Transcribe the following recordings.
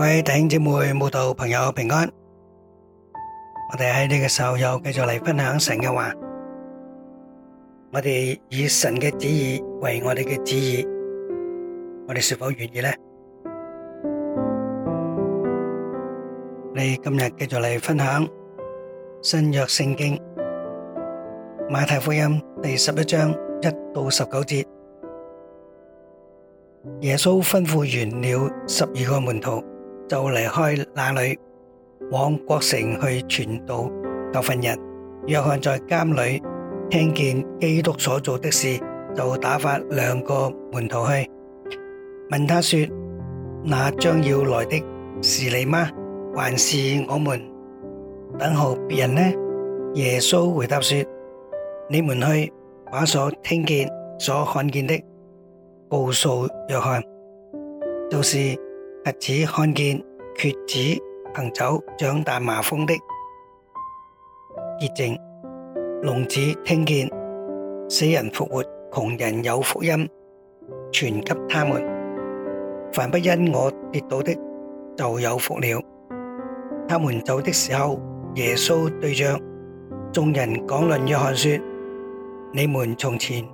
各位弟兄姊妹、慕道朋友平安，我哋喺呢個時候又繼續嚟分享神嘅話，我哋以神嘅旨意為我哋嘅旨意，我哋是否願意呢？我哋今日繼續嚟分享新約聖經馬太福音第十一章一到十九節，耶穌吩咐完了十二個門徒。就離開那裏，往國城去傳道教訓人。約翰在監裏聽見基督所做的事，就打發兩個門徒去問他說：那將要來的，是你嗎？還是我們等候別人呢？耶穌回答說：你們去把所聽見、所看見的告訴約翰，就是。瞎子看見，瘸子行走，長大麻風的潔淨；聾子聽見，死人復活，窮人有福音傳給他們。凡不因我跌倒的，就有福了。他們走的時候，耶穌對着眾人講論約翰說：你們從前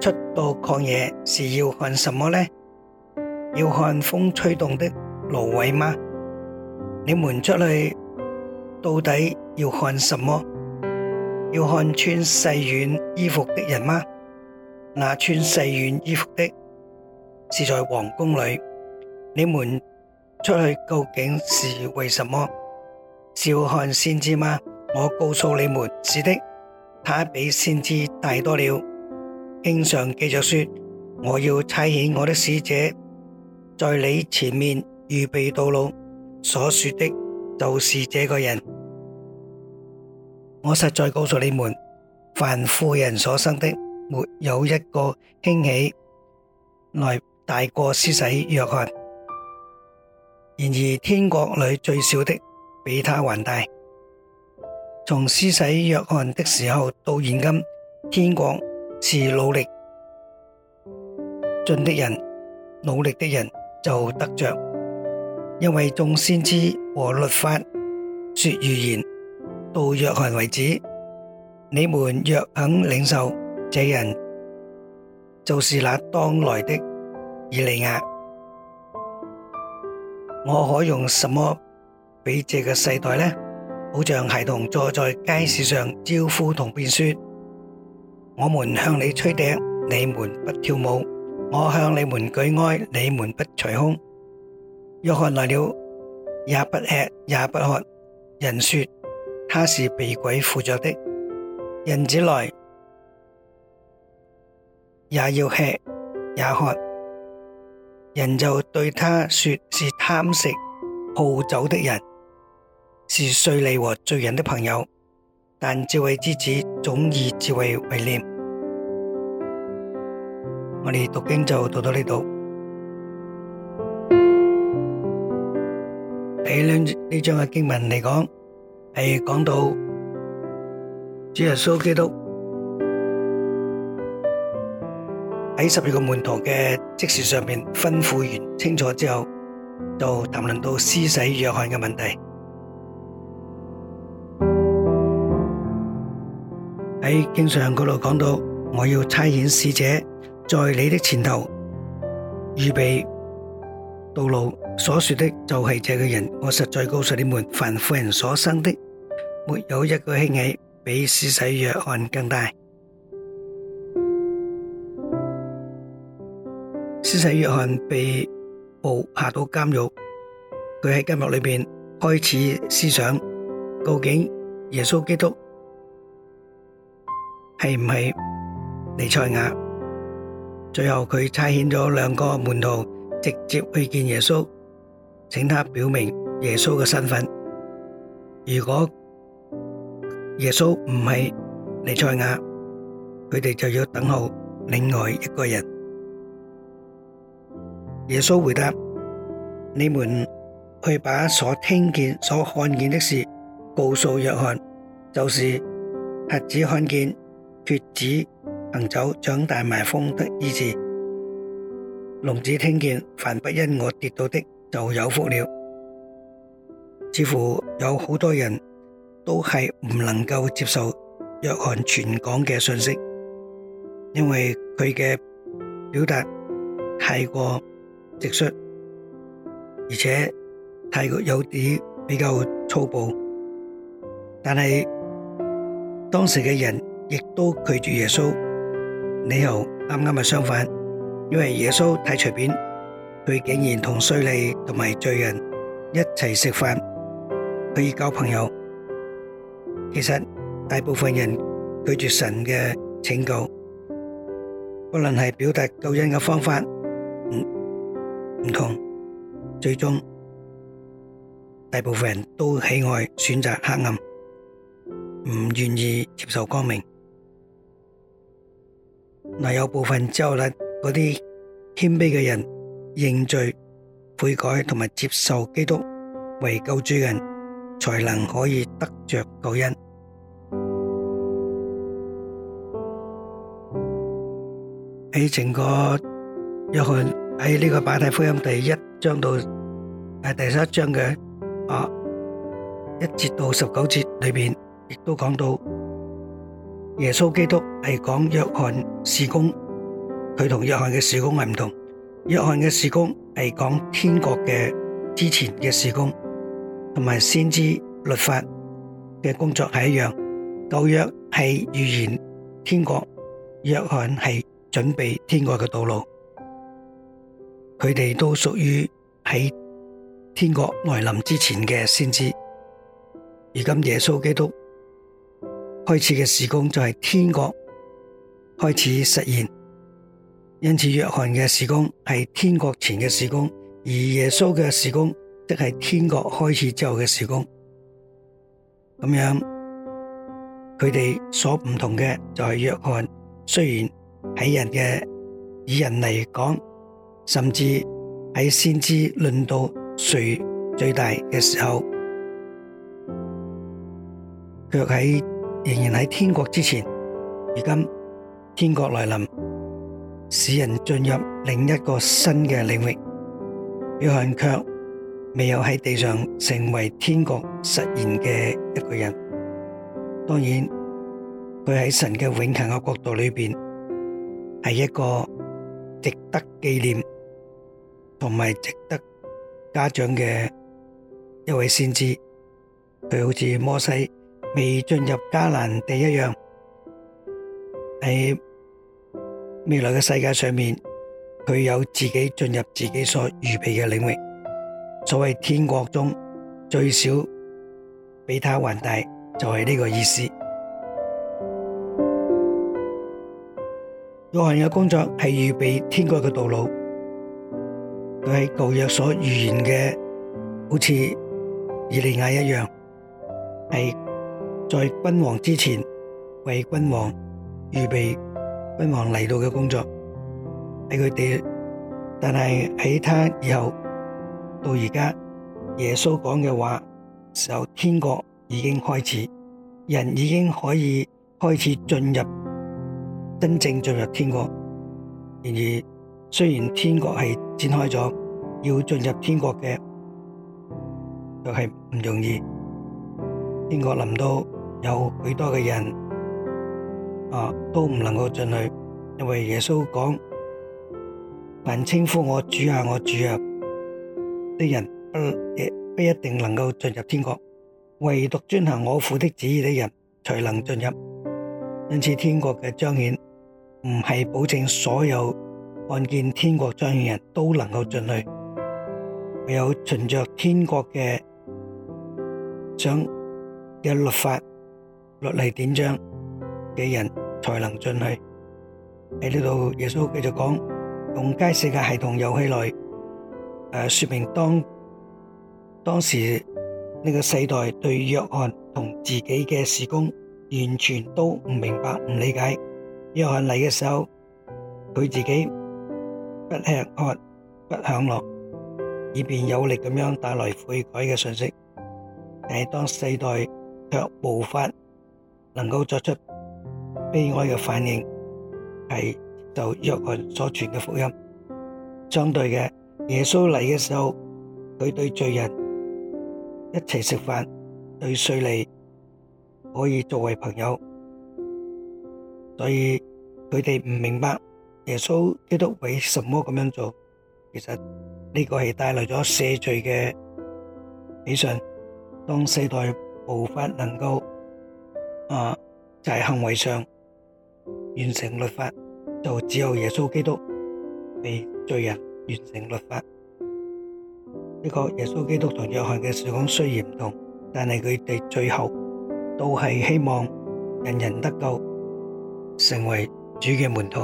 出到曠野是要看什麼呢？要看風吹動的蘆葦嗎？你們出去到底要看什麼？要看穿細軟衣服的人嗎？那穿細軟衣服的是在皇宮裏。你們出去究竟是為什麼？是要看先知嗎？我告訴你們，是的。他比先知大多了，經常記着說：我要差遣我的使者。在你前面預備道路所說的，就是這個人。我實在告訴你們，凡婦人所生的，沒有一個興起來大過施洗約翰。然而天國裏最小的比他還大。從施洗約翰的時候到現今，天國是努力進的人，努力的人。就得着，因為眾先知和律法說預言到約翰為止，你們若肯領受，這人就是那當來的以利亞。我可用什麼比這個世代呢？好像孩童坐在街市上招呼同伴說：我們向你吹笛，你們不跳舞。我向你們舉哀，你們不捶胸。約翰來了，也不吃，也不喝，人說他是被鬼附着的。人子來，也要吃，也喝，人就對他說：是貪食、好酒的人，是稅吏和罪人的朋友。但智慧之子總以智慧為念。我哋讀經就讀到呢度。喺呢呢章嘅經文嚟講，係講到主耶穌基督喺十二個門徒嘅職事上邊吩咐完清楚之後，就談論到施洗約翰嘅問題。喺經上嗰度講到，我要差遣使者。在你的前頭預備道路，所說的就係這個人。我實在告訴你們，凡婦人所生的，沒有一個興起比施洗約翰更大。施洗約翰被捕下到監獄，佢喺監獄裏邊開始思想，究竟耶穌基督係唔係彌賽亞？最後佢差遣咗兩個門徒直接去見耶穌，請他表明耶穌嘅身份。如果耶穌唔係彌賽亞，佢哋就要等候另外一個人。耶穌回答：你們去把所聽見、所看見的事告訴約翰，就是瞎子看見、瘸子行走長大埋風的意思，聾子聽見，凡不因我跌倒的就有福了。似乎有好多人都係唔能夠接受約翰傳講嘅信息，因為佢嘅表達太過直率，而且太過有啲比較粗暴。但係當時嘅人亦都拒絕耶穌。你好，啱啱係相反，因為耶穌太隨便，佢竟然同稅吏同埋罪人一齊食飯，可以交朋友。其實大部分人拒絕神嘅拯救，不論係表達救恩嘅方法唔唔同，最終大部分人都喜愛選擇黑暗，唔願意接受光明。內有部分之後，呢嗰啲謙卑嘅人認罪悔改同埋接受基督為救主嘅人，才能可以得着救恩。喺整個約翰喺呢個馬太福音第一章到係第七章嘅，啊一節到十九節裏邊，亦都講到。耶穌基督係講約翰事工，佢同約翰嘅事工係唔同。約翰嘅事工係講天國嘅之前嘅事工，同埋先知律法嘅工作係一樣。舊約係預言天國，約翰係準備天國嘅道路，佢哋都屬於喺天國來臨之前嘅先知。而今耶穌基督。開始嘅時光就係天國開始實現，因此約翰嘅時光係天國前嘅時光，而耶穌嘅時光即係天國開始之後嘅時光。咁樣佢哋所唔同嘅就係約翰雖然喺人嘅，以人嚟講，甚至喺先知論到誰最大嘅時候，卻喺。仍然喺天國之前，而今天國來臨，使人進入另一個新嘅領域。約翰卻未有喺地上成為天國實現嘅一個人。當然，佢喺神嘅永恆嘅國度裏邊，係一個值得紀念同埋值得嘉獎嘅一位先知。佢好似摩西，未進入迦南地一樣，喺未來嘅世界上面，佢有自己進入自己所預備嘅領域。所謂天國中最少比他還大，就係、是、呢個意思。約翰嘅工作係預備天國嘅道路，佢係舊約所預言嘅，好似以利亞一樣，在君王之前，為君王預備君王嚟到嘅工作，係佢哋。但係喺他以後到而家，耶穌講嘅話，時候天國已經開始，人已經可以開始進入真正進入天國。然而，雖然天國係展開咗，要進入天國嘅，卻係唔容易。天國臨到。有許多嘅人，啊，都唔能夠進去，因為耶穌講：凡稱呼我主啊、我主啊，的人不，不一定能夠進入天國；唯獨遵行我父的旨意的人，才能進入。因此，天國嘅彰顯唔係保證所有看見天國彰顯嘅人都能夠進去，唯有循着天國嘅想嘅律法。落嚟點將嘅人才能進去喺呢度。耶穌繼續講，用街市嘅系統遊戲來誒說明，當當時呢個世代對約翰同自己嘅事工完全都唔明白、唔理解。約翰嚟嘅時候，佢自己不吃喝不享樂，以便有力咁樣帶來悔改嘅信息。但係當世代卻無法。能夠作出悲哀嘅反應，係就約翰所傳嘅福音相對嘅，耶穌嚟嘅時候，佢對罪人一齊食飯，對稅吏可以作為朋友，所以佢哋唔明白耶穌基督為什麼噉樣做，其實呢個係帶來咗赦罪嘅喜訊，當世代無法能夠。啊！就係行為上完成律法，就只有耶穌基督被罪人完成律法。呢個耶穌基督同約翰嘅事工雖然唔同，但係佢哋最後都係希望人人得救，成為主嘅門徒，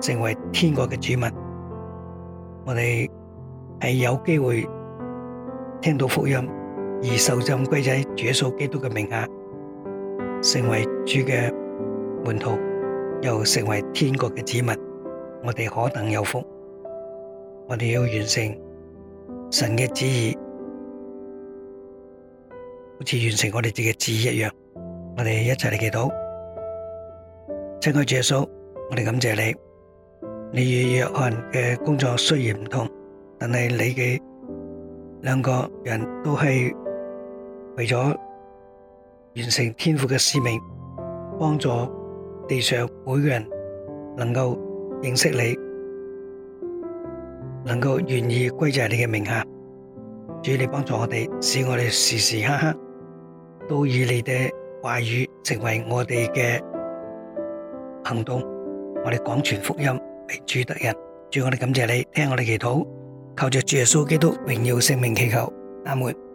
成為天國嘅主民。我哋係有機會聽到福音而受浸歸喺主耶穌基督嘅名下。成為主嘅門徒，又成為天國嘅子民，我哋可能有福。我哋要完成神嘅旨意，好似完成我哋自己旨意一樣。我哋一齊嚟祈禱，親愛的主耶穌，我哋感謝你。你與約翰嘅工作雖然唔同，但係你嘅兩個人都係為咗。完成天父嘅使命，幫助地上每個人能夠認識你，能夠願意歸在你嘅名下。主，你幫助我哋，使我哋時時刻刻都以你嘅話語成為我哋嘅行動。我哋廣傳福音，為主得人。主，我哋感謝你，聽我哋祈禱，求着主耶穌基督榮耀聖名祈求。阿門。